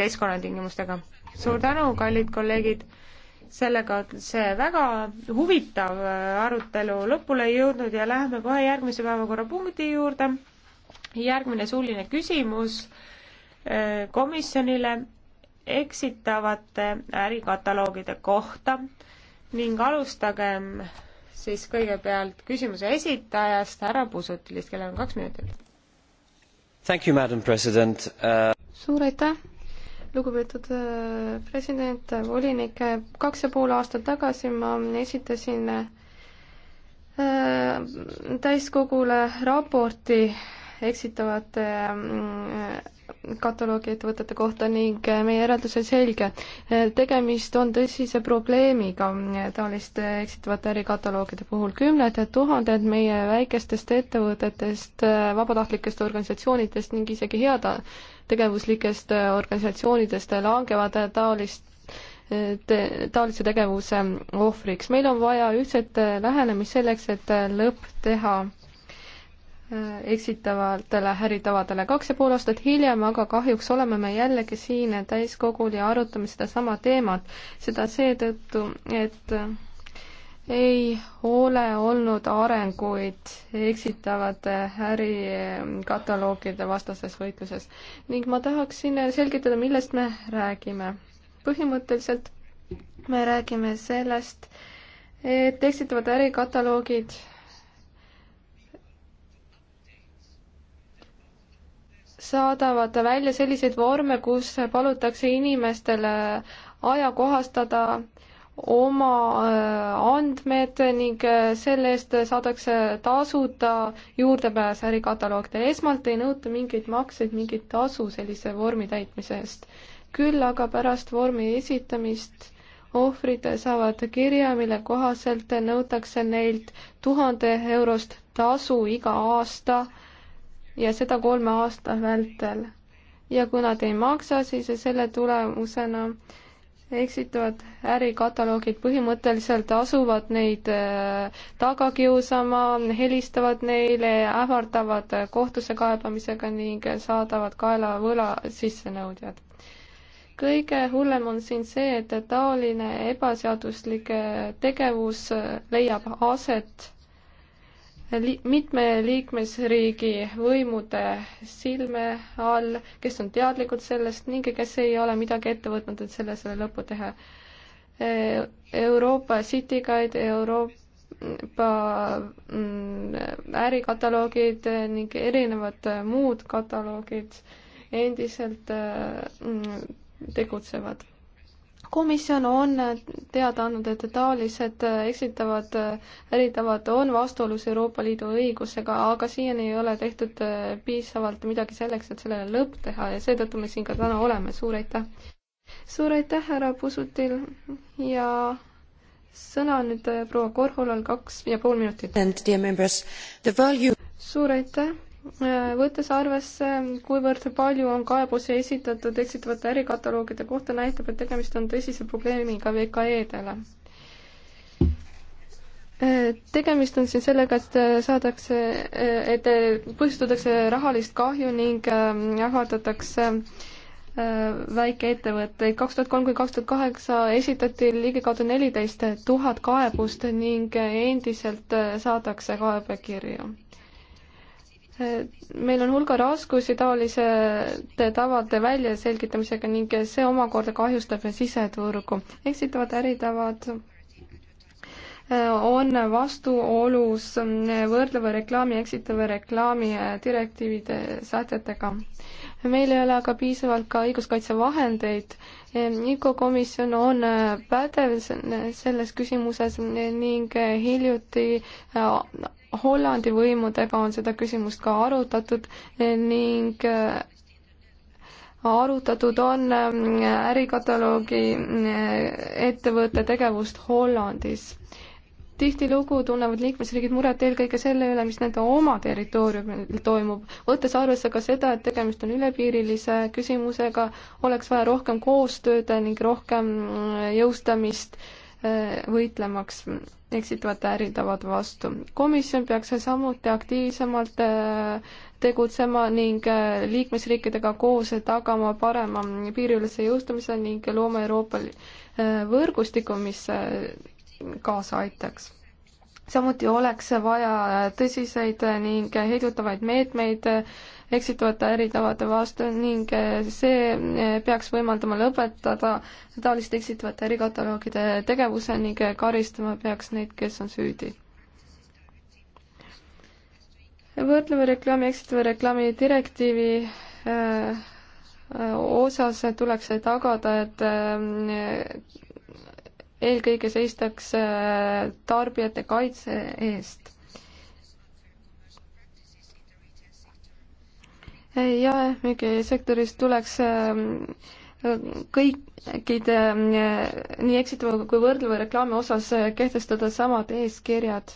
keskkonnatingimustega. suur tänu, kallid kolleegid, sellega on see väga huvitav äh, arutelu lõpule jõudnud ja läheme kohe järgmise päevakorrapunkti juurde. järgmine suuline küsimus äh, komisjonile eksitavate ärikataloogide kohta ning alustagem siis kõigepealt küsimuse esitajast, härra Pusutilist, kellel on kaks minutit. Uh... suur aitäh, lugupeetud äh, president, äh, volinik, äh, kaks ja pool aastat tagasi ma esitasin täiskogule raporti eksitavate mm, kataloogiaettevõtete kohta ning meie järeldus on selge. tegemist on tõsise probleemiga taoliste eksitavate ärikataloogide puhul. kümned tuhanded meie väikestest ettevõtetest, vabatahtlikest organisatsioonidest ning isegi heata-, tegevuslikest äh, organisatsioonidest langevad taolist äh, te, taolise tegevuse äh, ohvriks. meil on vaja ühtset lähenemist selleks, et lõpp teha eksitavatele häritavadele. kaks ja pool aastat hiljem aga kahjuks oleme me jällegi siin täiskogul ja arutame sedasama teemat, seda seetõttu, et ei ole olnud arenguid eksitavate ärikataloogide vastases võitluses ning ma tahaksin selgitada, millest me räägime. põhimõtteliselt me räägime sellest, et eksitavad ärikataloogid saadavad välja selliseid vorme, kus palutakse inimestele ajakohastada oma äh, andmed ning äh, selle eest saadakse tasuda juurdepääs ärikataloogidele. esmalt ei nõuta mingeid makseid, mingit tasu sellise vormi täitmise eest. küll aga pärast vormi esitamist ohvrid saavad kirja, mille kohaselt nõutakse neilt tuhande eurost tasu iga aasta ja seda kolme aasta vältel. ja kui nad ei maksa, siis selle tulemusena äh, eksitavad ärikataloogid põhimõtteliselt asuvad neid äh, taga kiusama, helistavad neile, ähvardavad kohtusse kaebamisega ning saadavad kaela võla sissenõudjad. kõige hullem on siin see, et taoline ebaseaduslik äh, tegevus äh, leiab aset li-, mitme liikmesriigi võimude silme all, kes on teadlikud sellest ning kes ei ole midagi ette võtnud, et sellele lõpu teha. E, Euroopa City Guide, Euroopa mm, ärikataloogid ning erinevad muud kataloogid endiselt mm, tegutsevad komisjon on teada andnud, et taolised eksitavad äritavad on vastuolus Euroopa Liidu õigusega, aga siiani ei ole tehtud äh, piisavalt midagi selleks, et sellele lõpp teha ja seetõttu me siin ka täna oleme, suur aitäh! suur aitäh, härra Pusutil ja sõna on nüüd äh, proua Korholal kaks ja pool minutit. suur aitäh! võttes arvesse, kuivõrd palju on kaebusi esitatud eksitavate ärikataloogide kohta, näitab, et tegemist on tõsise probleemiga VKE-dele. tegemist on siin sellega, et saadakse, et põhjustatakse rahalist kahju ning äh, ähvardatakse äh, väikeettevõtteid. kaks tuhat kolm kuni kaks tuhat kaheksa esitati ligikaudu neliteist tuhat kaebust ning endiselt äh, saadakse kaebekirju meil on hulga raskusi taoliste tavade väljaselgitamisega ning see omakorda kahjustab siseturgu. eksitavad äritavad on vastuolus võrdleva reklaami, eksitava reklaami direktiivide sätetega. meil ei ole aga piisavalt ka õiguskaitsevahendeid. IKO komisjon on pädev selles küsimuses ning hiljuti Hollandi võimudega on seda küsimust ka arutatud eh, ning eh, arutatud on mm, ärikataloogi eh, ettevõtte tegevust Hollandis. tihtilugu tunnevad liikmesriigid muret eelkõige selle üle, mis nende oma territooriumil toimub. võttes arvesse ka seda, et tegemist on ülepiirilise küsimusega, oleks vaja rohkem koostööd ning rohkem mm, jõustamist võitlemaks eksitavate äritavad vastu. komisjon peaks samuti aktiivsemalt äh, tegutsema ning äh, liikmesriikidega koos tagama parema piiriülese jõustamise ning looma Euroopa äh, võrgustiku, mis kaasa aitaks samuti oleks vaja tõsiseid ning heidutavaid meetmeid eksitavate äritavade vastu ning see peaks võimaldama lõpetada taoliste eksitavate ärikataloogide tegevuse ning karistama peaks neid, kes on süüdi. võrdleva reklaami, eksitava reklaami direktiivi äh, osas tuleks tagada, et äh, eelkõige seistakse äh, tarbijate kaitse eest. jaemüügisektoris tuleks äh, kõikide äh, nii eksitava kui võrdleva reklaami osas kehtestada samad eeskirjad.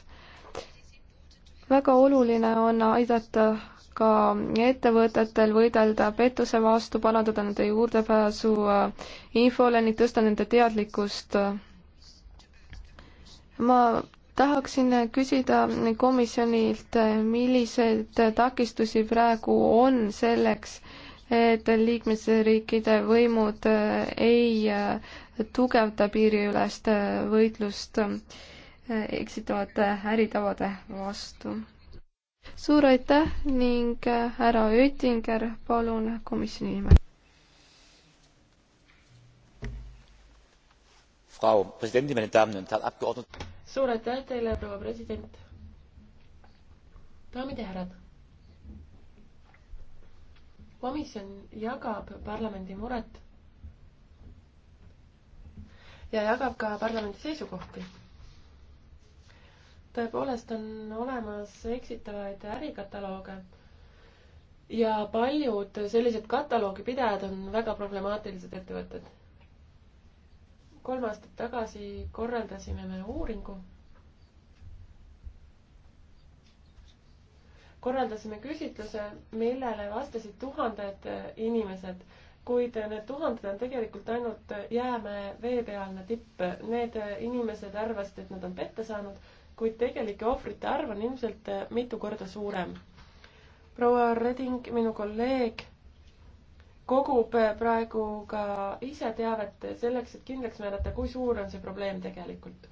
väga oluline on aidata ka ettevõtetel võidelda pettuse vastu, parandada nende juurdepääsu infole ning tõsta nende teadlikkust ma tahaksin küsida komisjonilt, milliseid takistusi praegu on selleks, et liikmesriikide võimud ei tugevda piiriülest võitlust eksitavate äritavade vastu. suur aitäh ning härra Oettinger, palun komisjoni nimel. frau präsidentin meine damen und herren abgeordneten! suur aitäh teile proua president daamid ja härrad komisjon jagab parlamendi muret ja jagab ka parlamendi seisukohti tõepoolest on olemas eksitavaid ärikataloge ja paljud sellised kataloogipidajad on väga problemaatilised ettevõtted kolm aastat tagasi korraldasime me uuringu. korraldasime küsitluse, millele vastasid tuhanded inimesed, kuid need tuhanded on tegelikult ainult jäämäe veepealne tipp. Need inimesed arvasid, et nad on petta saanud, kuid tegelike ohvrite arv on ilmselt mitu korda suurem. proua Reding, minu kolleeg kogub äh, praegu ka ise teavet selleks, et kindlaks määrata, kui suur on see probleem tegelikult.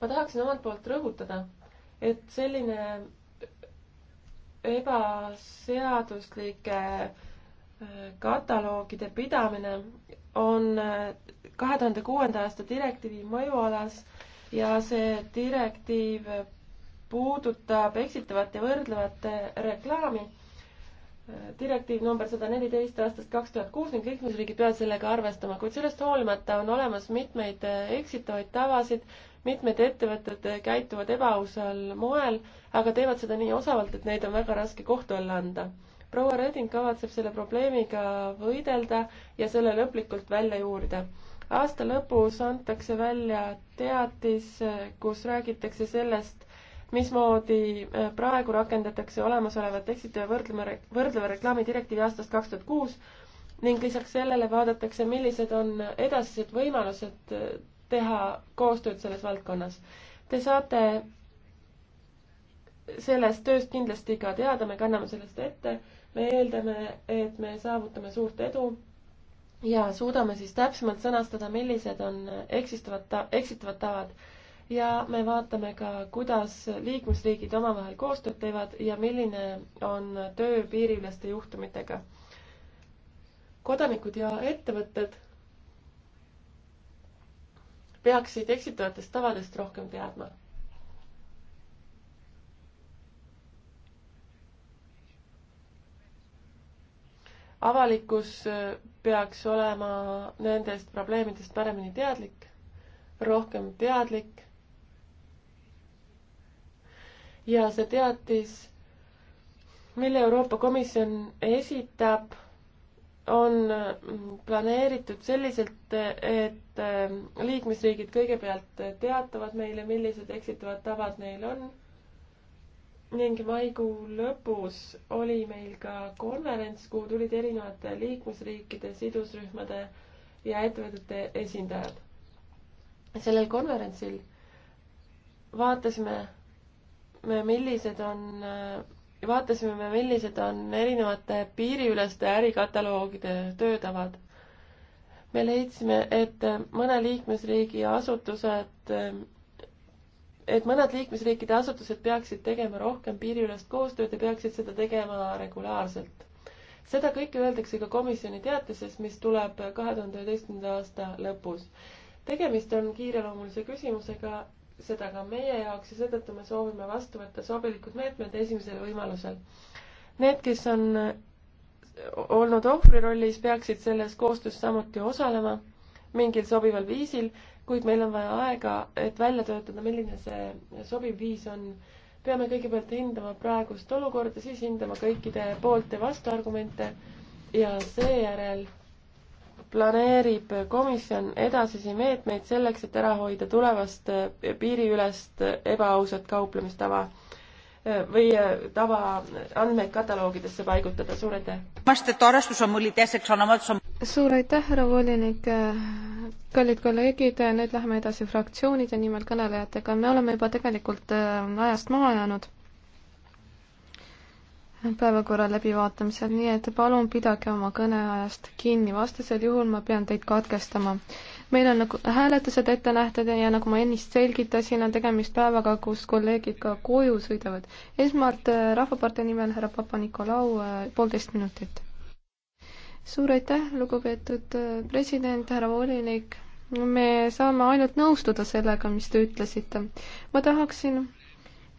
ma tahaksin omalt poolt rõhutada, et selline ebaseaduslike äh, kataloogide pidamine on äh, kahe tuhande kuuenda aasta direktiivi mõjualas ja see direktiiv puudutab eksitavat ja võrdlevat reklaami direktiiv number sada neliteist aastast kaks tuhat kuus ning liikmesriigid peavad sellega arvestama, kuid sellest hoolimata on olemas mitmeid äh, eksitavaid tavasid, mitmed ettevõtted äh, käituvad ebaausal moel, aga teevad seda nii osavalt, et neid on väga raske kohtu alla anda. proua Reding kavatseb selle probleemiga võidelda ja selle lõplikult välja juurida. aasta lõpus antakse välja teatis, äh, kus räägitakse sellest, mismoodi äh, praegu rakendatakse olemasolevat eksite ja võrdlema, võrdleva reklaami direktiivi aastast kaks tuhat kuus ning lisaks sellele vaadatakse, millised on edasised võimalused äh, teha koostööd selles valdkonnas. Te saate sellest tööst kindlasti ka teada, me kanname sellest ette, me eeldame, et me saavutame suurt edu ja suudame siis täpsemalt sõnastada, millised on eksistavad ta-, eksitavad tavad ja me vaatame ka, kuidas liikmesriigid omavahel koostööd teevad ja milline on töö piiriüleste juhtumitega. kodanikud ja ettevõtted peaksid eksitavatest tavadest rohkem teadma. avalikkus peaks olema nendest probleemidest paremini teadlik, rohkem teadlik ja see teatis, mille Euroopa Komisjon esitab, on mm, planeeritud selliselt, et mm, liikmesriigid kõigepealt teatavad meile, millised eksitavad tavad neil on ning maikuu lõpus oli meil ka konverents, kuhu tulid erinevate liikmesriikide, sidusrühmade ja ettevõtete esindajad. sellel konverentsil vaatasime me, millised on, vaatasime me, millised on erinevate piiriüleste ärikataloogide töötavad. me leidsime, et mõne liikmesriigi asutused, et mõned liikmesriikide asutused peaksid tegema rohkem piiriülest koostööd ja peaksid seda tegema regulaarselt. seda kõike öeldakse ka komisjoni teatises, mis tuleb kahe tuhande üheteistkümnenda aasta lõpus tegemist on kiireloomulise küsimusega seda ka meie jaoks ja seetõttu me soovime vastu võtta sobilikud meetmed esimesel võimalusel. Need, kes on olnud ohvri rollis, peaksid selles koostöös samuti osalema mingil sobival viisil, kuid meil on vaja aega, et välja töötada, milline see sobiv viis on. peame kõigepealt hindama praegust olukorda, siis hindama kõikide poolt ja vastuargumente ja seejärel planeerib komisjon edasisi meetmeid selleks, et ära hoida tulevast piiriülest ebaausat kauplemistava või tava andmeid kataloogidesse paigutada, suur aitäh! suur aitäh, härra volinik! kallid kolleegid, nüüd läheme edasi fraktsioonide nimel kõnelejatega, me oleme juba tegelikult äh, ajast maha jäänud päevakorra läbivaatamisel, nii et palun pidage oma kõneajast kinni, vastasel juhul ma pean teid katkestama. meil on nagu hääletused ette nähtud ja nagu ma ennist selgitasin, on tegemist päevaga, kus kolleegid ka koju sõidavad. esmalt äh, Rahvapartei nimel härra Papa-Nikolau, äh, poolteist minutit. suur aitäh, lugupeetud äh, president, härra volinik. me saame ainult nõustuda sellega, mis te ütlesite. ma tahaksin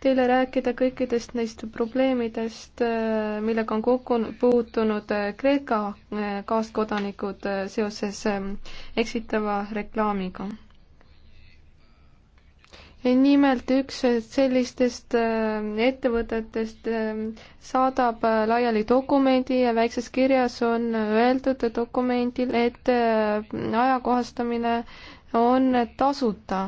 teile rääkida kõikidest neist probleemidest, äh, millega on kokku puutunud äh, Kreeka äh, kaaskodanikud seoses eksitava reklaamiga. nimelt üks sellistest ettevõtetest saadab laiali dokumendi ja väikses kirjas on öeldud dokumendil, et ajakohastamine on tasuta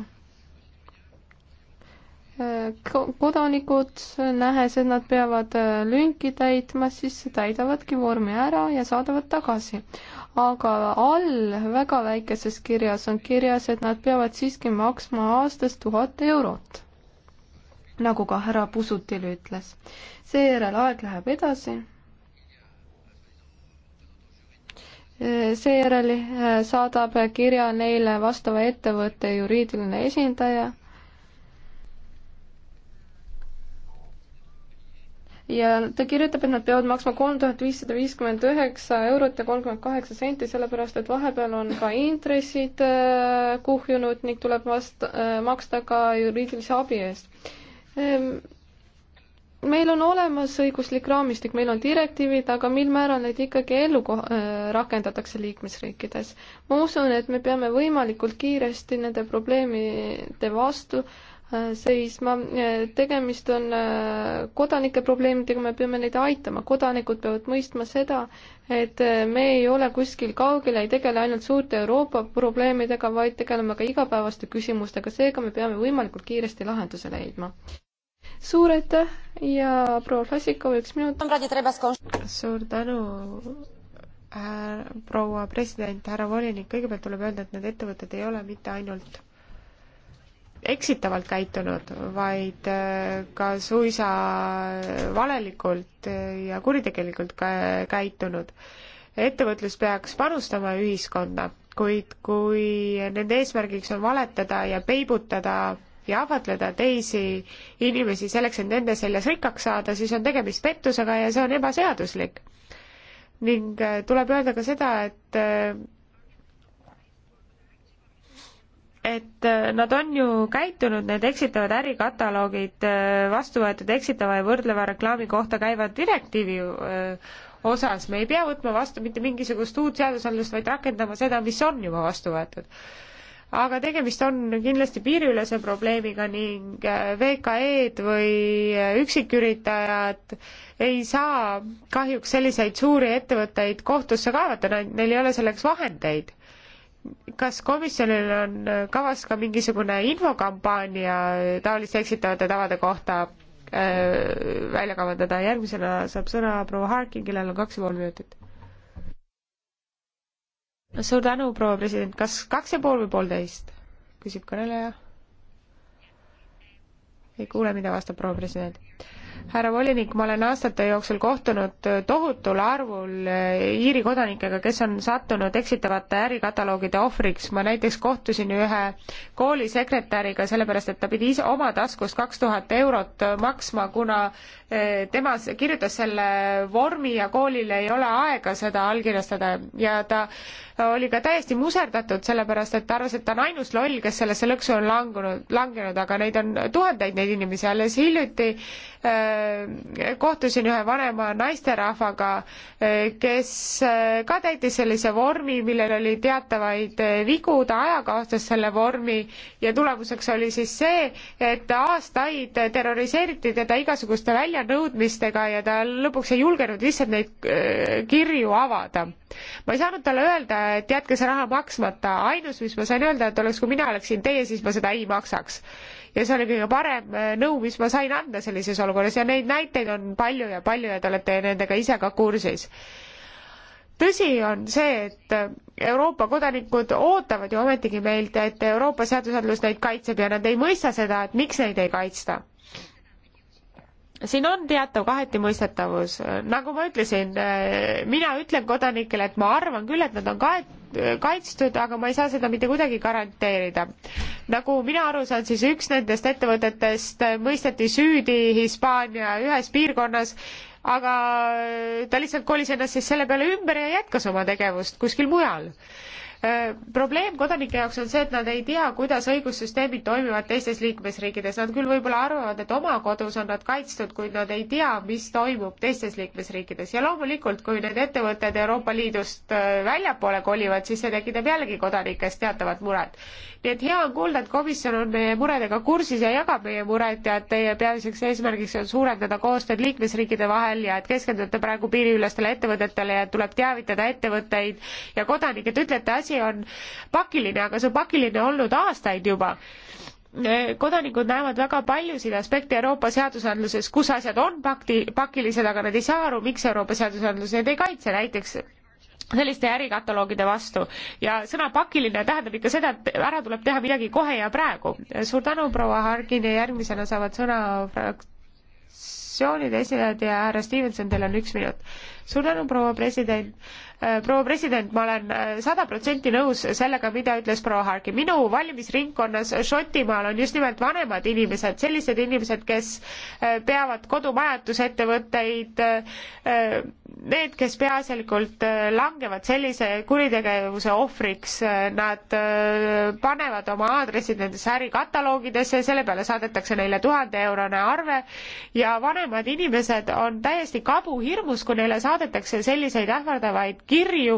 kodanikud, nähes, et nad peavad äh, lünki täitma, siis täidavadki vormi ära ja saadavad tagasi. aga all väga väikeses kirjas on kirjas, et nad peavad siiski maksma aastas tuhat eurot, nagu ka härra Pusutil ütles. seejärel aeg läheb edasi. Äh, seejärel äh, saadab kirja neile vastava ettevõtte juriidiline esindaja ja ta kirjutab, et nad peavad maksma kolm tuhat viissada viiskümmend üheksa eurot ja kolmkümmend kaheksa senti, sellepärast et vahepeal on ka intressid äh, kuhjunud ning tuleb vast-, äh, maksta ka juriidilise abi eest. Ehm, meil on olemas õiguslik raamistik, meil on direktiivid, aga mil määral neid ikkagi ellu ko-, äh, rakendatakse liikmesriikides. ma usun, et me peame võimalikult kiiresti nende probleemide vastu seisma. tegemist on äh, kodanike probleemidega, me peame neid aitama, kodanikud peavad mõistma seda, et äh, me ei ole kuskil kaugel, ei tegele ainult suurte Euroopa probleemidega, vaid tegeleme ka igapäevaste küsimustega, seega me peame võimalikult kiiresti lahenduse leidma. suur aitäh ja proua Vlasikov, üks minut. suur tänu äh, proua president, härra volinik, kõigepealt tuleb öelda, et need ettevõtted ei ole mitte ainult eksitavalt käitunud, vaid äh, ka suisa valelikult äh, ja kuritegelikult äh, käitunud. ettevõtlus peaks panustama ühiskonda, kuid kui nende eesmärgiks on valetada ja peibutada ja ahvatleda teisi inimesi selleks, et nende seljas rikkaks saada, siis on tegemist pettusega ja see on ebaseaduslik. ning tuleb öelda ka seda, et et äh, nad on ju käitunud, need eksitavad ärikataloogid, äh, vastu võetud eksitava ja võrdleva reklaami kohta käiva direktiivi äh, osas, me ei pea võtma vastu mitte mingisugust uut seadusandlust, vaid rakendama seda, mis on juba vastu võetud. aga tegemist on kindlasti piiriülese probleemiga ning VKE-d või üksiküritajad ei saa kahjuks selliseid suuri ettevõtteid kohtusse kaevata, neil ei ole selleks vahendeid kas komisjonil on kavas ka mingisugune infokampaania taoliste eksitavate tavade kohta äh, välja kavandada, järgmisena saab sõna proua Harkin, kellel on kaks ja pool minutit. suur tänu, proua president, kas kaks ja pool või poolteist? küsib kõneleja. ei kuule, mida vastab proua president härra volinik, ma olen aastate jooksul kohtunud tohutul arvul eh, Iiri kodanikega, kes on sattunud eksitavate ärikataloogide ohvriks. ma näiteks kohtusin ühe koolisekretäriga, sellepärast et ta pidi ise oma taskust kaks tuhat eurot maksma, kuna eh, tema kirjutas selle vormi ja koolil ei ole aega seda allkirjastada ja ta oli ka täiesti muserdatud, sellepärast et ta arvas, et ta on ainus loll, kes sellesse lõksu on langunud, langenud, aga neid on tuhandeid, neid inimesi. alles hiljuti äh, kohtusin ühe vanema naisterahvaga äh,, kes äh, ka täitis sellise vormi, millel oli teatavaid äh, vigu, ta ajakaotas selle vormi ja tulemuseks oli siis see, et aastaid terroriseeriti teda igasuguste väljanõudmistega ja ta lõpuks ei julgenud lihtsalt neid äh, kirju avada ma ei saanud talle öelda, et jätke see raha maksmata, ainus, mis ma sain öelda, et oleks, kui mina oleksin teie, siis ma seda ei maksaks. ja see oli kõige parem äh, nõu, mis ma sain anda sellises olukorras ja neid näiteid on palju ja palju ja te olete nendega ise ka kursis tõsi on see, et äh, Euroopa kodanikud ootavad ju ometigi meilt, et Euroopa seadusandlus neid kaitseb ja nad ei mõista seda, et miks neid ei kaitsta siin on teatav kahetimõistetavus, nagu ma ütlesin, äh, mina ütlen kodanikele, et ma arvan küll, et nad on kaet-, kaitstud, aga ma ei saa seda mitte kuidagi garanteerida. nagu mina aru saan, siis üks nendest ettevõtetest mõisteti süüdi Hispaania ühes piirkonnas, aga ta lihtsalt kolis ennast siis selle peale ümber ja jätkas oma tegevust kuskil mujal Äh, probleem kodanike jaoks on see, et nad ei tea, kuidas õigussüsteemid toimivad teistes liikmesriikides, nad küll võib-olla arvavad, et oma kodus on nad kaitstud, kuid nad ei tea, mis toimub teistes liikmesriikides ja loomulikult, kui need ettevõtted Euroopa Liidust äh, väljapoole kolivad, siis see tekitab jällegi kodanikes teatavat muret. nii et hea on kuulda, et komisjon on meie muredega kursis ja jagab meie muret ja et teie peamiseks eesmärgiks on suurendada koostööd liikmesriikide vahel ja et keskendute praegu piiriülestele ettevõtetele ja tuleb teavitada ettevõtteid ja kodanikke, et ütlete asju, asi on pakiline, aga see on pakiline olnud aastaid juba äh, kodanikud näevad väga paljusid aspekte Euroopa seadusandluses, kus asjad on pakti, pakilised, aga nad ei saa aru, miks Euroopa seadusandlus neid ei kaitse, näiteks selliste ärikataloogide vastu. ja sõna pakiline tähendab ikka seda, et ära tuleb teha midagi kohe ja praegu. suur tänu, proua Hargin ja järgmisena saavad sõna fraktsioonide esindajad ja härra Stevenson, teil on üks minut. suur tänu, proua president Äh, proua president, ma olen äh, sada protsenti nõus sellega, mida ütles proua Harki. minu valimisringkonnas Šotimaal on just nimelt vanemad inimesed, sellised inimesed, kes äh, peavad kodumajutusettevõtteid, need, kes peaasjalikult langevad sellise kuritegevuse ohvriks, nad panevad oma aadressid nendesse ärikataloogidesse, selle peale saadetakse neile tuhandeeurone arve ja vanemad inimesed on täiesti kabuhirmus, kui neile saadetakse selliseid ähvardavaid kirju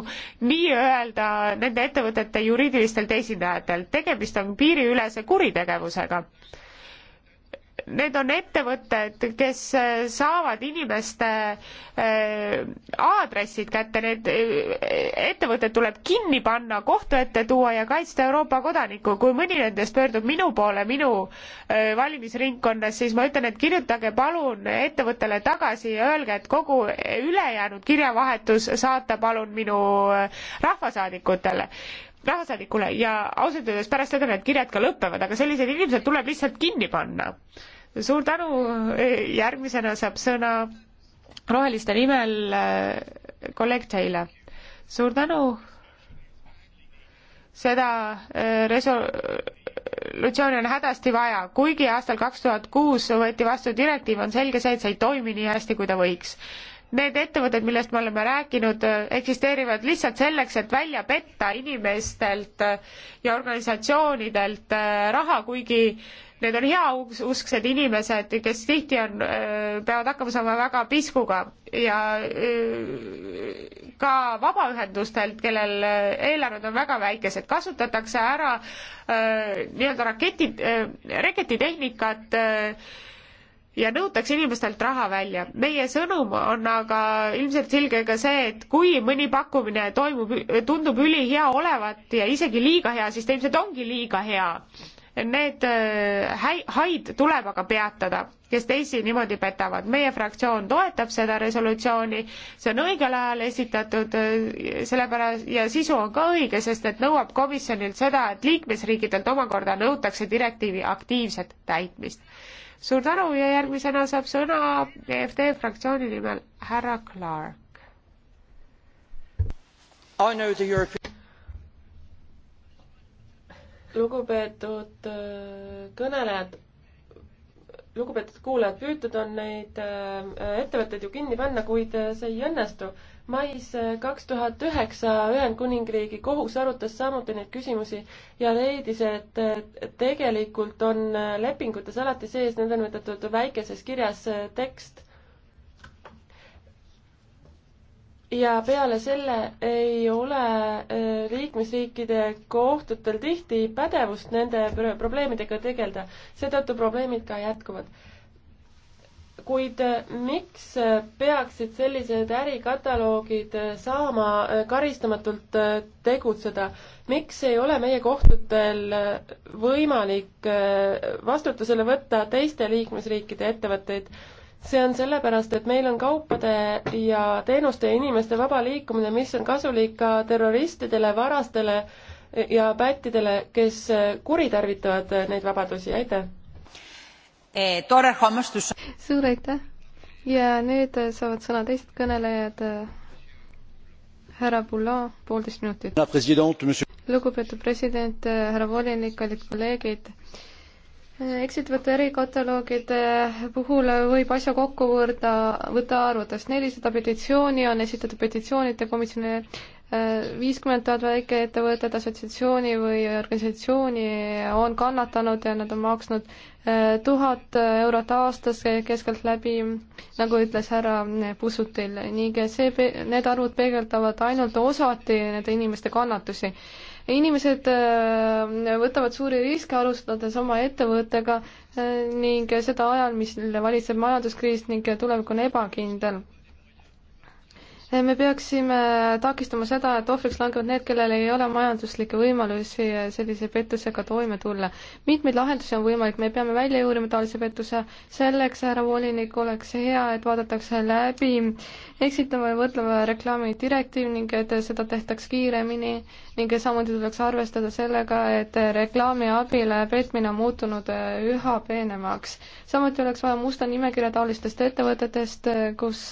nii-öelda nende ettevõtete juriidilistelt esindajatelt. tegemist on piiriülese kuritegevusega need on ettevõtted, kes äh, saavad inimeste äh, aadressid kätte, need äh, ettevõtted tuleb kinni panna, kohtu ette tuua ja kaitsta Euroopa kodanikku. kui mõni nendest pöördub minu poole, minu valimisringkonnas, siis ma ütlen, et kirjutage palun ettevõttele tagasi ja öelge, et kogu ülejäänud kirjavahetus saata palun minu rahvasaadikutele rahvasaadikule ja ausalt öeldes pärast seda need kirjad ka lõpevad, aga sellised inimesed tuleb lihtsalt kinni panna. suur tänu, järgmisena saab sõna roheliste nimel äh, kolleeg Taylor. suur tänu, seda äh, resolutsiooni on hädasti vaja, kuigi aastal kaks tuhat kuus võeti vastu direktiiv, on selge see, et see ei toimi nii hästi, kui ta võiks need ettevõtted, millest me oleme rääkinud, eksisteerivad lihtsalt selleks, et välja petta inimestelt ja organisatsioonidelt äh, raha, kuigi need on heausksed inimesed, kes tihti on, äh, peavad hakkama saama väga piskuga ja äh, ka vabaühendustelt, kellel eelarved on väga väikesed, kasutatakse ära nii-öelda raketid, reketitehnikat ja nõutakse inimestelt raha välja. meie sõnum on aga ilmselt selge ka see, et kui mõni pakkumine toimub, tundub ülihea olevat ja isegi liiga hea, siis ta ilmselt ongi liiga hea. Need häi-, äh, haid tuleb aga peatada, kes teisi niimoodi petavad. meie fraktsioon toetab seda resolutsiooni, see on õigel ajal esitatud, äh, sellepärast, ja sisu on ka õige, sest et nõuab komisjonilt seda, et liikmesriikidelt omakorda nõutakse direktiivi aktiivset täitmist suur tänu ja järgmisena saab sõna EFD fraktsiooni nimel härra Clark. lugupeetud äh, kõnelejad, lugupeetud kuulajad, püütud on neid äh, ettevõtteid ju kinni panna, kuid äh, see ei õnnestu mais äh, kaks tuhat üheksa Ühendkuningriigi kohus arutas samuti neid küsimusi ja leidis, et äh, tegelikult on äh, lepingutes alati sees nõndanimetatud väikeses kirjas tekst. ja peale selle ei ole liikmesriikide kohtutel tihti pädevust nende probleemidega tegeleda, seetõttu probleemid ka jätkuvad kuid äh, miks äh, peaksid sellised ärikataloogid äh, saama karistamatult tegutseda? miks ei ole meie kohtutel võimalik vastutusele võtta teiste liikmesriikide ettevõtteid? see on sellepärast, et meil on kaupade ja teenuste ja inimeste vaba liikumine, mis on kasulik ka terroristidele, varastele ja pättidele, kes kuritarvitavad neid vabadusi, aitäh! Eh, suur aitäh ja nüüd äh, saavad sõna teised kõnelejad. Äh, härra Boulon, poolteist minutit. lugupeetud president, äh, härra volinik, kallid kolleegid eksitavate ärikataloogide puhul võib asja kokku võrda, võtta arvutust. nelisada petitsiooni on esitatud petitsioonide komisjonile viiskümmend tuhat väikeettevõtet, assotsiatsiooni või organisatsiooni on kannatanud ja nad on maksnud eh, tuhat eurot aastas keskeltläbi, nagu ütles härra Pussutil ning see, need arvud peegeldavad ainult osati nende inimeste kannatusi. inimesed eh, võtavad suuri riske, alustades oma ettevõttega eh, ning seda ajal, mis valitseb majanduskriis ning tulevik on ebakindel me peaksime takistama seda, et ohvriks langevad need, kellel ei ole majanduslikke võimalusi eh, sellise pettusega toime tulla. mitmeid lahendusi on võimalik, me peame välja uurima taolise pettuse, selleks, härra volinik, oleks hea, et vaadatakse läbi eksitava ja võrdleva reklaami direktiiv ning et seda tehtaks kiiremini ning samuti tuleks arvestada sellega, et reklaami abil petmine on muutunud eh, üha peenemaks. samuti oleks vaja musta nimekirja taolistest ettevõtetest, eh, kus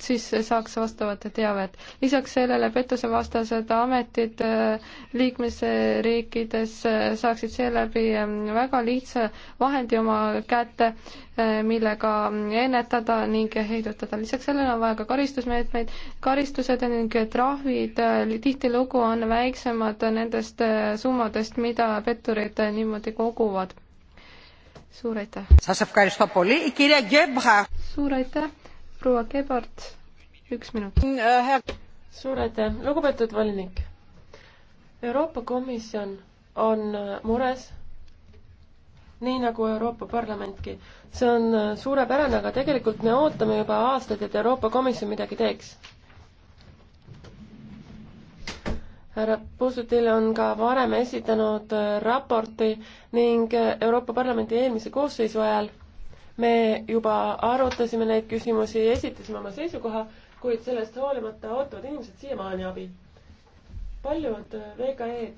siis saaks kogutakse vastavat teavet. lisaks sellele pettusevastased ametid äh, liikmesriikides äh, saaksid seeläbi ähm, väga lihtsa vahendi oma kätte, äh, millega mm, ennetada ning heidutada. lisaks sellele on vaja ka karistusmeetmeid, karistused ning trahvid tihtilugu on väiksemad nendest summadest, mida petturid niimoodi koguvad. suur aitäh! suur aitäh, proua Gebart! üks minut. Mm, äh, suur aitäh, lugupeetud volinik. Euroopa Komisjon on äh, mures, nii nagu Euroopa Parlamentki. see on äh, suurepärane, aga tegelikult me ootame juba aastaid, et Euroopa Komisjon midagi teeks. härra Pusutil on ka varem esitanud raporti ning Euroopa Parlamendi eelmise koosseisu ajal me juba arutasime neid küsimusi, esitasime oma seisukoha kuid sellest hoolimata ootavad inimesed siiamaani abi. paljud VKE-d,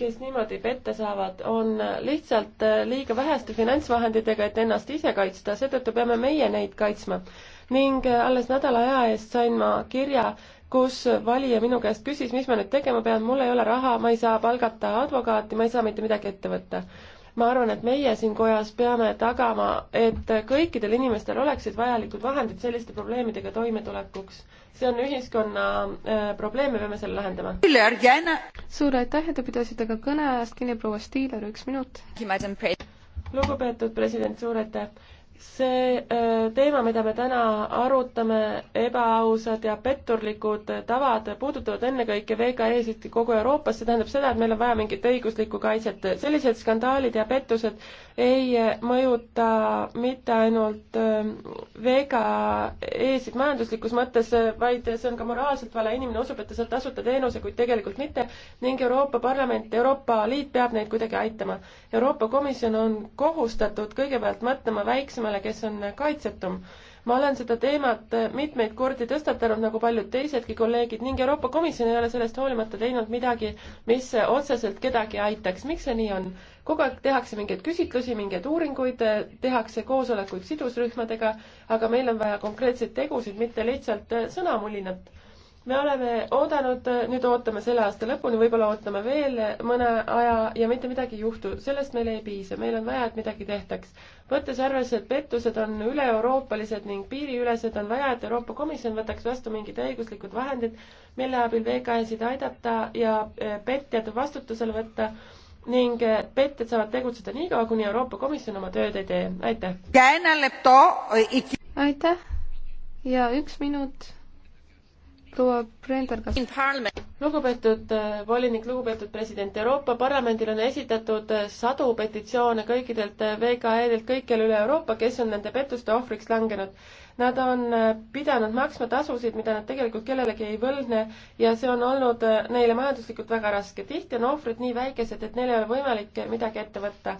kes niimoodi petta saavad, on lihtsalt liiga väheste finantsvahenditega, et ennast ise kaitsta, seetõttu peame meie neid kaitsma. ning alles nädala aja eest sain ma kirja, kus valija minu käest küsis, mis ma nüüd tegema pean, mul ei ole raha, ma ei saa palgata advokaati, ma ei saa mitte midagi ette võtta ma arvan, et meie siin kojas peame tagama, et kõikidel inimestel oleksid vajalikud vahendid selliste probleemidega toimetulekuks. see on ühiskonna äh, probleem, me peame selle lahendama. suur aitäh, et te pidasite ka kõne ajast kinni, proua Stiiler, üks minut. lugupeetud president, suur aitäh see äh, teema, mida me täna arutame, ebaausad ja petturlikud tavad, puudutavad ennekõike VKE-sid kogu Euroopas, see tähendab seda, et meil on vaja mingit õiguslikku kaitset. sellised skandaalid ja pettused ei mõjuta mitte ainult äh, VKE-sid majanduslikus mõttes, vaid see on ka moraalselt vale, inimene usub, et ta saab tasuta teenuse, kuid tegelikult mitte ning Euroopa Parlament, Euroopa Liit peab neid kuidagi aitama. Euroopa Komisjon on kohustatud kõigepealt mõtlema väiksema liikmele, kes on kaitsetum. ma olen seda teemat mitmeid kordi tõstatanud, nagu paljud teisedki kolleegid, ning Euroopa Komisjon ei ole sellest hoolimata teinud midagi, mis otseselt kedagi aitaks. miks see nii on? kogu aeg tehakse mingeid küsitlusi, mingeid uuringuid, tehakse koosolekuid sidusrühmadega, aga meil on vaja konkreetseid tegusid, mitte lihtsalt sõnamulinat me oleme oodanud, nüüd ootame selle aasta lõpuni, võib-olla ootame veel mõne aja ja mitte midagi ei juhtu, sellest meile ei piisa, meil on vaja, et midagi tehtaks. võttes arvesse, et pettused on üle-euroopalised ning piiriülesed, on vaja, et Euroopa Komisjon võtaks vastu mingid õiguslikud vahendid, mille abil VKS-id aidata ja eh, petjad vastutusele võtta ning eh, petjad saavad tegutseda niikaua, kuni Euroopa Komisjon oma tööd ei tee. aitäh! Eh, aitäh ja üks minut proua Brender, kas lugupeetud äh, volinik, lugupeetud president, Euroopa Parlamendil on esitatud äh, sadu petitsioone kõikidelt äh, VKE-delt kõikjal üle Euroopa, kes on nende pettuste ohvriks langenud. Nad on pidanud maksma tasusid, mida nad tegelikult kellelegi ei võlgne ja see on olnud neile majanduslikult väga raske. tihti on ohvrid nii väikesed, et neil ei ole võimalik midagi ette võtta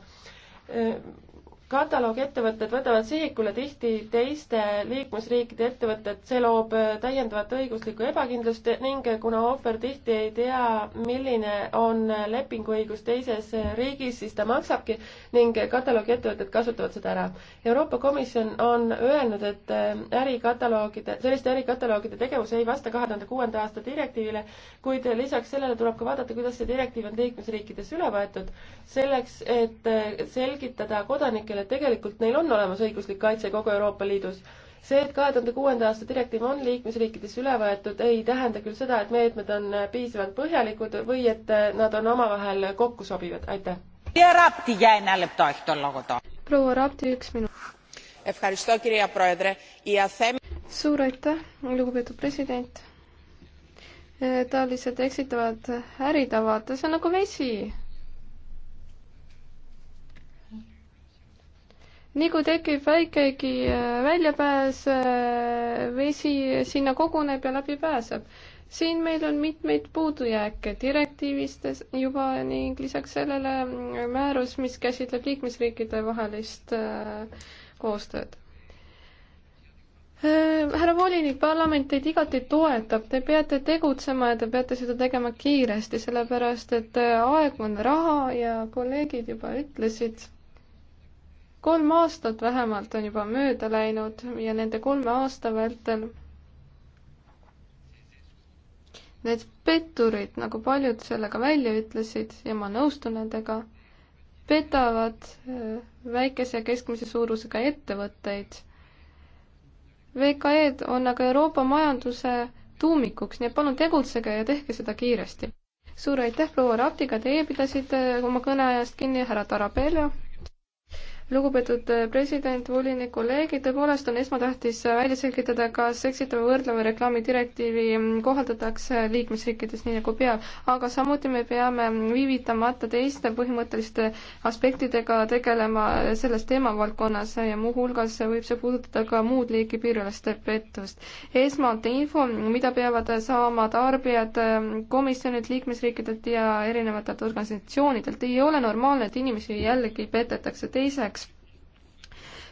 kataloogettevõtted võtavad sihikule tihti teiste liikmesriikide ettevõtted, see loob äh, täiendavat õiguslikku ebakindlust ning kuna ohver tihti ei tea, milline on lepinguõigus teises riigis, siis ta maksabki ning kataloogettevõtted kasutavad seda ära. Euroopa Komisjon on öelnud, et äh, ärikataloogide, selliste ärikataloogide tegevus ei vasta kahe tuhande kuuenda aasta direktiivile, kuid lisaks sellele tuleb ka vaadata, kuidas see direktiiv on liikmesriikides üle võetud, selleks et äh, selgitada kodanikele, sellele, et tegelikult neil on olemas õiguslik kaitse kogu Euroopa Liidus. see, et kahe tuhande kuuenda aasta direktiiv on liikmesriikides üle võetud, ei tähenda küll seda, et meetmed on piisavalt põhjalikud või et nad on omavahel kokku sobivad, aitäh. proua Rapti, üks minut. suur aitäh, lugupeetud president. Äh, taolised eksitavad äritavad, see on nagu vesi nii nagu kui tekib väikegi äh, väljapääs, äh, vesi sinna koguneb ja läbi pääseb. siin meil on mitmeid puudujääke direktiivist juba ning lisaks sellele mm, määrus, mis käsitleb liikmesriikide vahelist äh, koostööd. härra volinik, parlament teid igati toetab, te peate tegutsema ja te peate seda tegema kiiresti, sellepärast et aeg on raha ja kolleegid juba ütlesid kolm aastat vähemalt on juba mööda läinud ja nende kolme aasta vältel need petturid, nagu paljud sellega välja ütlesid ja ma nõustun nendega, petavad äh, väikese ja keskmise suurusega ettevõtteid. VKE-d on aga Euroopa majanduse tuumikuks, nii et palun tegutsege ja tehke seda kiiresti. suur aitäh, proua Raptiga, teie pidasite äh, oma kõne ajast kinni, härra Tarabella lugupeetud äh, president, volinik, kolleegid, tõepoolest on esmatähtis äh, välja selgitada, kas eksitava võrdleva reklaami direktiivi mm, kohaldatakse liikmesriikides nii nagu peab, aga samuti me peame viivitamata teiste põhimõtteliste aspektidega tegelema äh, selles teemavaldkonnas ja muuhulgas võib see puudutada ka muud liiki piiriülest pettust. esmalt info, mida peavad saama tarbijad komisjonilt, liikmesriikidelt ja erinevatelt organisatsioonidelt, ei ole normaalne, et inimesi jällegi petetakse. teiseks,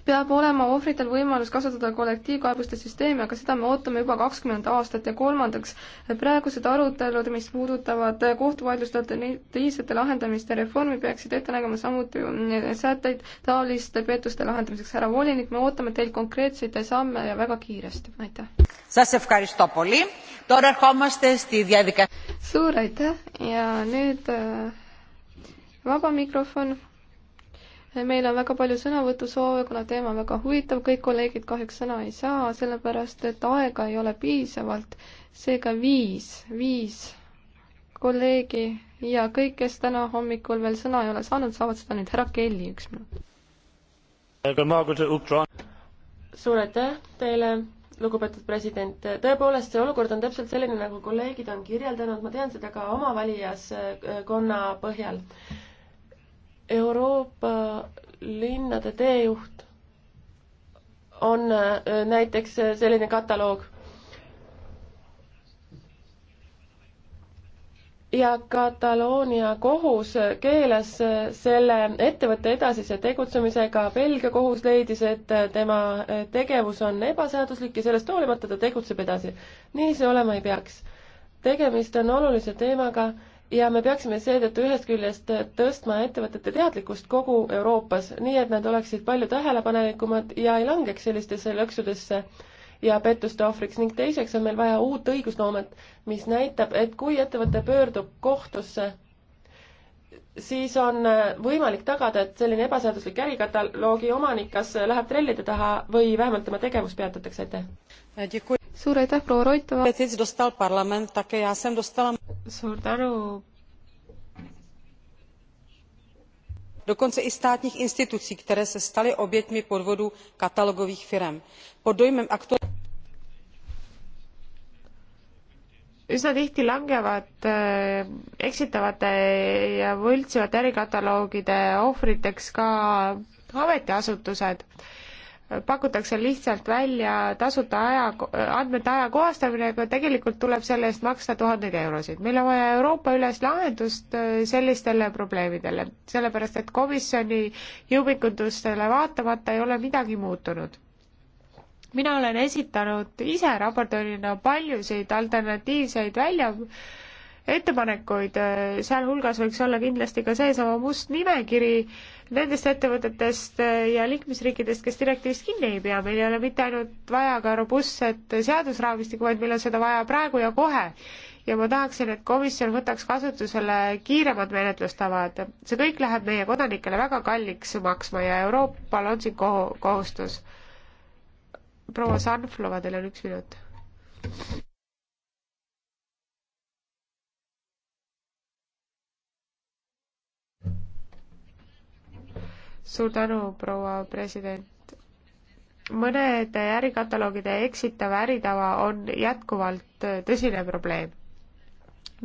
peab olema ohvritel võimalus kasutada kollektiivkaebuste süsteemi, aga seda me ootame juba kakskümmend aastat ja kolmandaks, praegused arutelud, mis puudutavad kohtuvaidluste alternatiivsete lahendamiste reformi, peaksid ette nägema samuti sätteid taoliste pettuste lahendamiseks. härra volinik, me ootame teilt konkreetseid samme ja väga kiiresti, aitäh! suur aitäh ja nüüd äh, vaba mikrofon meil on väga palju sõnavõtusoove, kuna teema on väga huvitav, kõik kolleegid kahjuks sõna ei saa, sellepärast et aega ei ole piisavalt. seega viis, viis kolleegi ja kõik, kes täna hommikul veel sõna ei ole saanud, saavad seda nüüd härra Kelly, üks minut. suur aitäh teile lugupeetud president, tõepoolest, see olukord on täpselt selline, nagu kolleegid on kirjeldanud, ma tean seda ka oma valijaskonna põhjal. Euroopa linnade teejuht on äh, näiteks äh, selline kataloog. ja Kataloonia kohus keelas äh, selle ettevõtte edasise tegutsemisega, Belgia kohus leidis, et tema tegevus on ebaseaduslik ja sellest hoolimata ta tegutseb edasi. nii see olema ei peaks. tegemist on olulise teemaga ja me peaksime seetõttu ühest küljest tõstma ettevõtete teadlikkust kogu Euroopas, nii et nad oleksid palju tähelepanelikumad ja ei langeks sellistesse lõksudesse ja pettuste ohvriks ning teiseks on meil vaja uut õigusloomet, mis näitab, et kui ettevõte pöördub kohtusse, siis on võimalik tagada, et selline ebaseaduslik ärikataloogi omanik kas läheb trellide taha või vähemalt tema tegevus peatatakse, aitäh! suur aitäh, proua Roitova. suur tänu. dokonce i státních institucí které se staly oběťmi podvodů katalogových firem. pod dojmem aktu... üsna tihti langevad eh, eksitavate ja võltsivate ärikataloogide ohvriteks ka ametiasutused pakutakse lihtsalt välja tasuta aja, andmete ajakohastamine, aga tegelikult tuleb selle eest maksta tuhandeid eurosid. meil on vaja Euroopa üles lahendust äh, sellistele probleemidele, sellepärast et komisjoni jõupingutustele vaatamata ei ole midagi muutunud mina olen esitanud ise raportöörina paljusid alternatiivseid välja ettepanekuid, äh, sealhulgas võiks olla kindlasti ka seesama must nimekiri nendest ettevõtetest äh, ja liikmesriikidest, kes direktiivist kinni ei pea, meil ei ole mitte ainult vaja ka robustset seadusraamistikku, vaid meil on seda vaja praegu ja kohe. ja ma tahaksin, et komisjon võtaks kasutusele kiiremad menetlustavad, see kõik läheb meie kodanikele väga kalliks maksma ja Euroopal on siin kohu-, kohustus. proua Sanflova, teil on üks minut suur tänu, proua president. mõnede ärikataloogide eksitav äritava on jätkuvalt äh, tõsine probleem.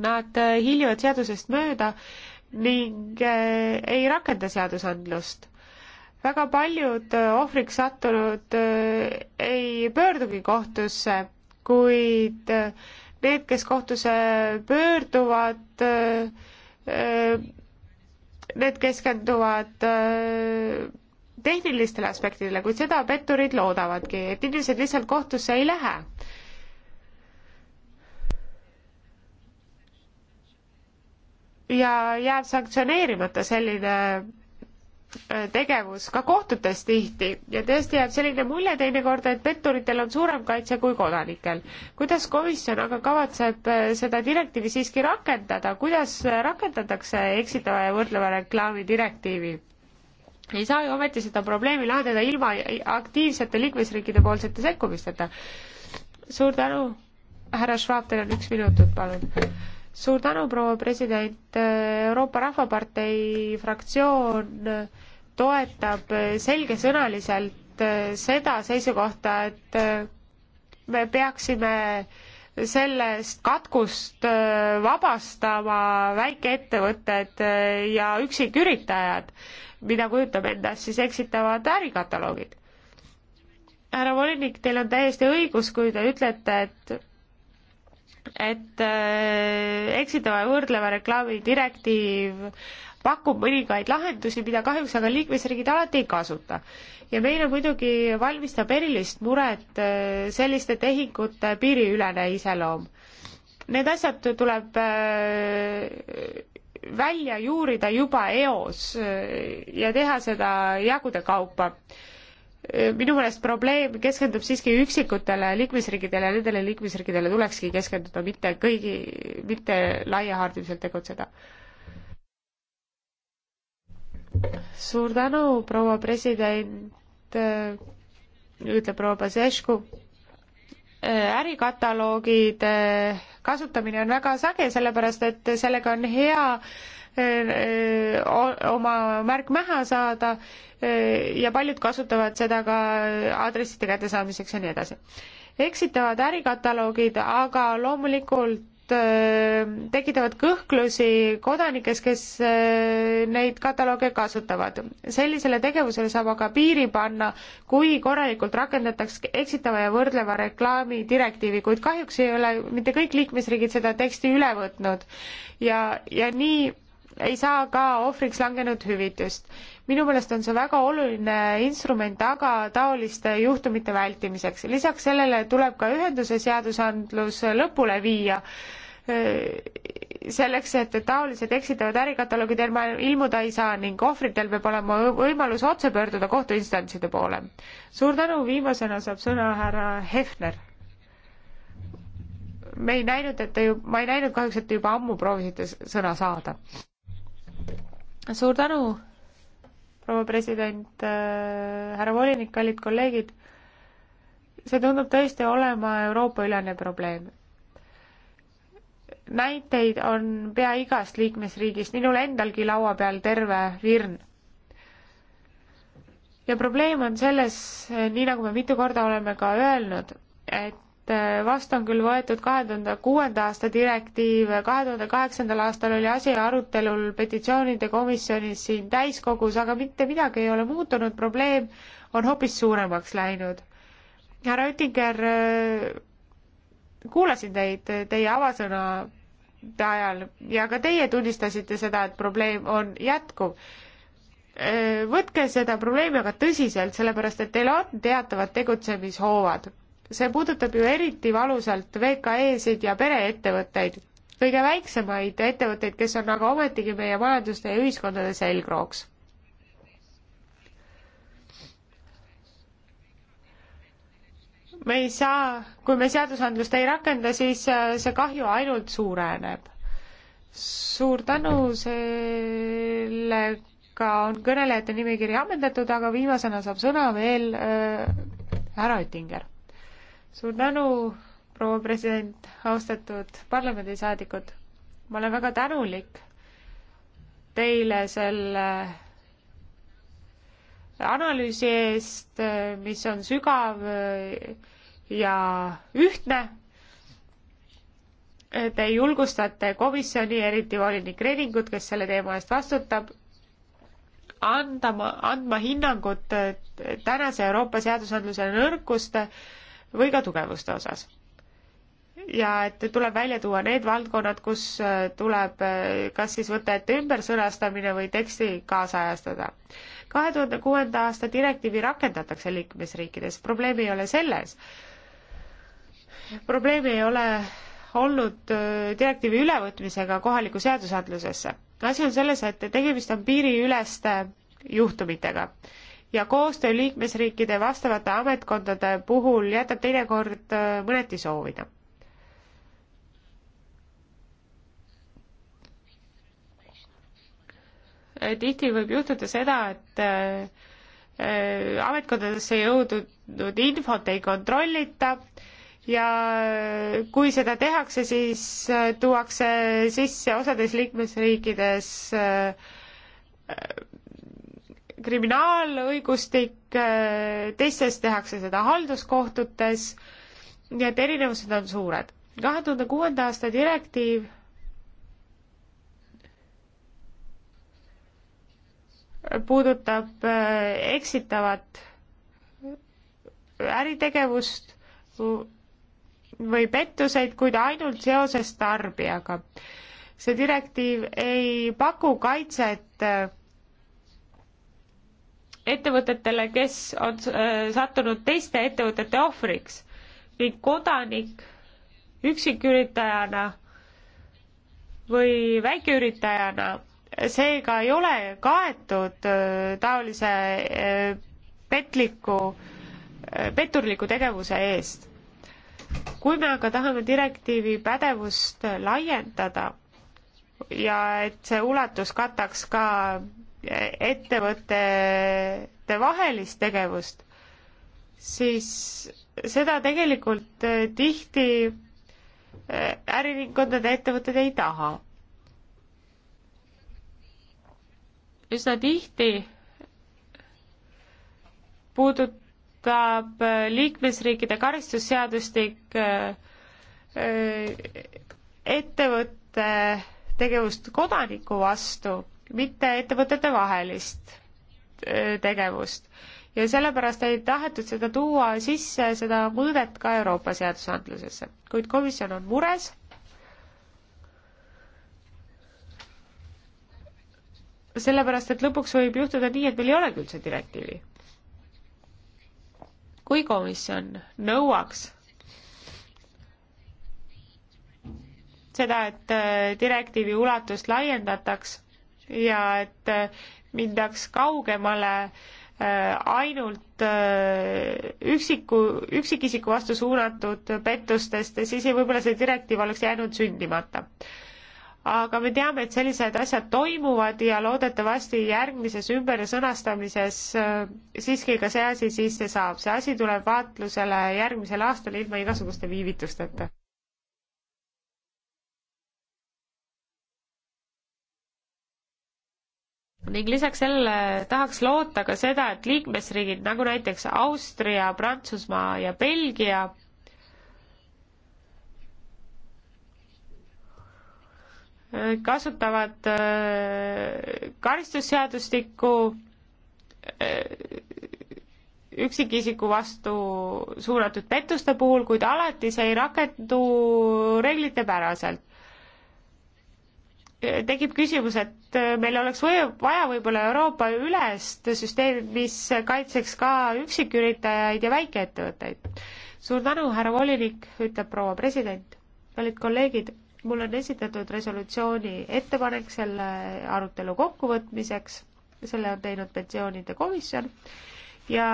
Nad äh, hiilivad seadusest mööda ning äh, ei rakenda seadusandlust väga paljud ohvriks sattunud ei pöördugi kohtusse, kuid need, kes kohtusse pöörduvad, need keskenduvad äh, tehnilistele aspektidele, kuid seda petturid loodavadki, et inimesed lihtsalt kohtusse ei lähe. ja jääb sanktsioneerimata selline tegevus ka kohtutes tihti ja tõesti jääb selline mulje teinekord, et petturitel on suurem kaitse kui kodanikel. kuidas komisjon aga kavatseb äh, seda direktiivi siiski rakendada, kuidas äh, rakendatakse eksitava ja võrdleva reklaami direktiivi? ei saa ju ometi seda probleemi lahendada ilma aktiivsete liikmesriikide poolsete sekkumisteta. suur tänu, härra Schwab, teil on üks minut, palun suur tänu, proua president, Euroopa Rahvapartei fraktsioon toetab selgesõnaliselt seda seisukohta, et me peaksime sellest katkust vabastama väikeettevõtted ja üksiküritajad, mida kujutab endast siis eksitavad ärikataloogid. härra volinik, teil on täiesti õigus, kui te ütlete, et et äh, eksitava ja võrdleva reklaami direktiiv pakub mõningaid lahendusi, mida kahjuks aga liikmesriigid alati ei kasuta. ja meile muidugi valmistab erilist muret äh, selliste tehingute piiriülene iseloom. Need asjad tuleb äh, välja juurida juba eos ja teha seda jagude kaupa Äh, minu meelest probleem keskendub siiski üksikutele liikmesriikidele ja nendele liikmesriikidele tulekski keskenduda, mitte kõigi, mitte laiahaardiliselt tegutseda. suur tänu, proua president, äh, ütleb proua Pasescu. Äh, ärikataloogide kasutamine on väga sage, sellepärast et sellega on hea Eh, eh, oma märk maha saada eh, ja paljud kasutavad seda ka adresside kättesaamiseks ja nii edasi. eksitavad ärikataloogid aga loomulikult tekitavad kõhklusi kodanikes, kes neid katalooge kasutavad. sellisele tegevusele saab aga piiri panna, kui korralikult rakendatakse eksitava ja võrdleva reklaami direktiivi, kuid kahjuks ei ole mitte kõik liikmesriigid seda teksti üle võtnud ja, ja nii ei saa ka ohvriks langenud hüvitist. minu meelest on see väga oluline instrument aga taoliste juhtumite vältimiseks. lisaks sellele tuleb ka ühenduse seadusandlus lõpule viia selleks, et taolised eksitavad ärikataloogid ilmuda ei saa ning ohvritel peab olema võimalus otse pöörduda kohtuinstantside poole. suur tänu, viimasena saab sõna härra Hefner. me ei näinud, et te ju, ma ei näinud kahjuks, et te juba ammu proovisite sõna saada suur tänu, proua president äh,, härra volinik, kallid kolleegid. see tundub tõesti olema Euroopa-ülene probleem. näiteid on pea igast liikmesriigist, minul endalgi laua peal terve virn. ja probleem on selles, äh, nii nagu me mitu korda oleme ka öelnud, et et äh, vastu on küll võetud kahe tuhande kuuenda aasta direktiiv, kahe tuhande kaheksandal aastal oli asi arutelul petitsioonide komisjonis siin täiskogus, aga mitte midagi ei ole muutunud, probleem on hoopis suuremaks läinud. härra Oettinger, äh, kuulasin teid, teie avasõnade ajal ja ka teie tunnistasite seda, et probleem on jätkuv äh, võtke seda probleemi aga tõsiselt, sellepärast et teil on teatavad tegutsemishoovad see puudutab ju eriti valusalt VKE-sid ja pereettevõtteid, kõige väiksemaid ettevõtteid, kes on aga ometigi meie majanduste ja ühiskondade selgrooks. me ei saa, kui me seadusandlust ei rakenda, siis äh, see kahju ainult suureneb. suur tänu, sellega on kõnelejate nimekiri ammendatud, aga viimasena saab sõna veel äh, härra äh, Oettinger suur tänu, proua president, austatud parlamendisaadikud. ma olen väga tänulik teile selle analüüsi eest, mis on sügav ja ühtne. Te julgustate komisjoni, eriti volinik Reningut, kes selle teema eest vastutab, andama, andma hinnangut tänase Euroopa seadusandluse nõrkuste äh, või ka tugevuste osas. ja et tuleb välja tuua need valdkonnad, kus äh, tuleb äh, kas siis võtta ette ümbersõnastamine või teksti kaasajastada. kahe tuhande kuuenda aasta direktiivi rakendatakse liikmesriikides, probleem ei ole selles. probleem ei ole olnud äh, direktiivi ülevõtmisega kohalikku seadusandlusesse. asi on selles, et tegemist on piiriüleste juhtumitega ja koostöö liikmesriikide vastavate ametkondade puhul jätab teinekord äh, mõneti soovida. Äh, tihti võib juhtuda seda, et äh, ametkondadesse jõudnud infot ei kontrollita ja kui seda tehakse, siis tuuakse sisse osades liikmesriikides kriminaalõigustik, äh, teistes tehakse seda halduskohtutes, nii et erinevused on suured. kahe tuhande kuuenda aasta direktiiv puudutab äh, eksitavat äritegevust või pettuseid, kuid ainult seoses tarbijaga. see direktiiv ei paku kaitset äh, ettevõtetele, kes on äh, sattunud teiste ettevõtete ohvriks ning kodanik üksiküritajana või väikeüritajana seega ei ole kaetud äh, taolise äh, petliku, petturliku tegevuse eest. kui me aga tahame direktiivi pädevust laiendada ja et see ulatus kataks ka ettevõtete vahelist tegevust, siis seda tegelikult eh, tihti eh, äriringkondade ettevõtted ei taha. üsna tihti puudutab eh, liikmesriikide karistusseadustik ettevõtte tegevust kodaniku vastu mitte ettevõtete vahelist äh, tegevust. ja sellepärast ei tahetud seda tuua sisse, seda mõõdet ka Euroopa seadusandlusesse. kuid komisjon on mures sellepärast, et lõpuks võib juhtuda nii, et meil ei olegi üldse direktiivi. kui komisjon nõuaks seda, et äh, direktiivi ulatust laiendataks ja et äh, mindaks kaugemale äh, ainult äh, üksiku, üksikisiku vastu suunatud pettustest, siis võib-olla see direktiiv oleks jäänud sündimata. aga me teame, et sellised asjad toimuvad ja loodetavasti järgmises ümbersõnastamises siiski ka see asi sisse saab. see asi tuleb vaatlusele järgmisel aastal ilma igasuguste viivitusteta. ning lisaks sellele tahaks loota ka seda, et liikmesriigid nagu näiteks Austria, Prantsusmaa ja Belgia kasutavad äh, karistusseadustikku äh, üksikisiku vastu suunatud pettuste puhul, kuid alati see ei rakendu reeglitepäraselt tekib küsimus, et meil oleks või, vaja võib-olla Euroopa ülest süsteemi, mis kaitseks ka üksiküritajaid ja väikeettevõtteid. suur tänu, härra volinik, ütleb proua president. kallid kolleegid, mul on esitatud resolutsiooni ettepanek selle arutelu kokkuvõtmiseks, selle on teinud pensioonide komisjon ja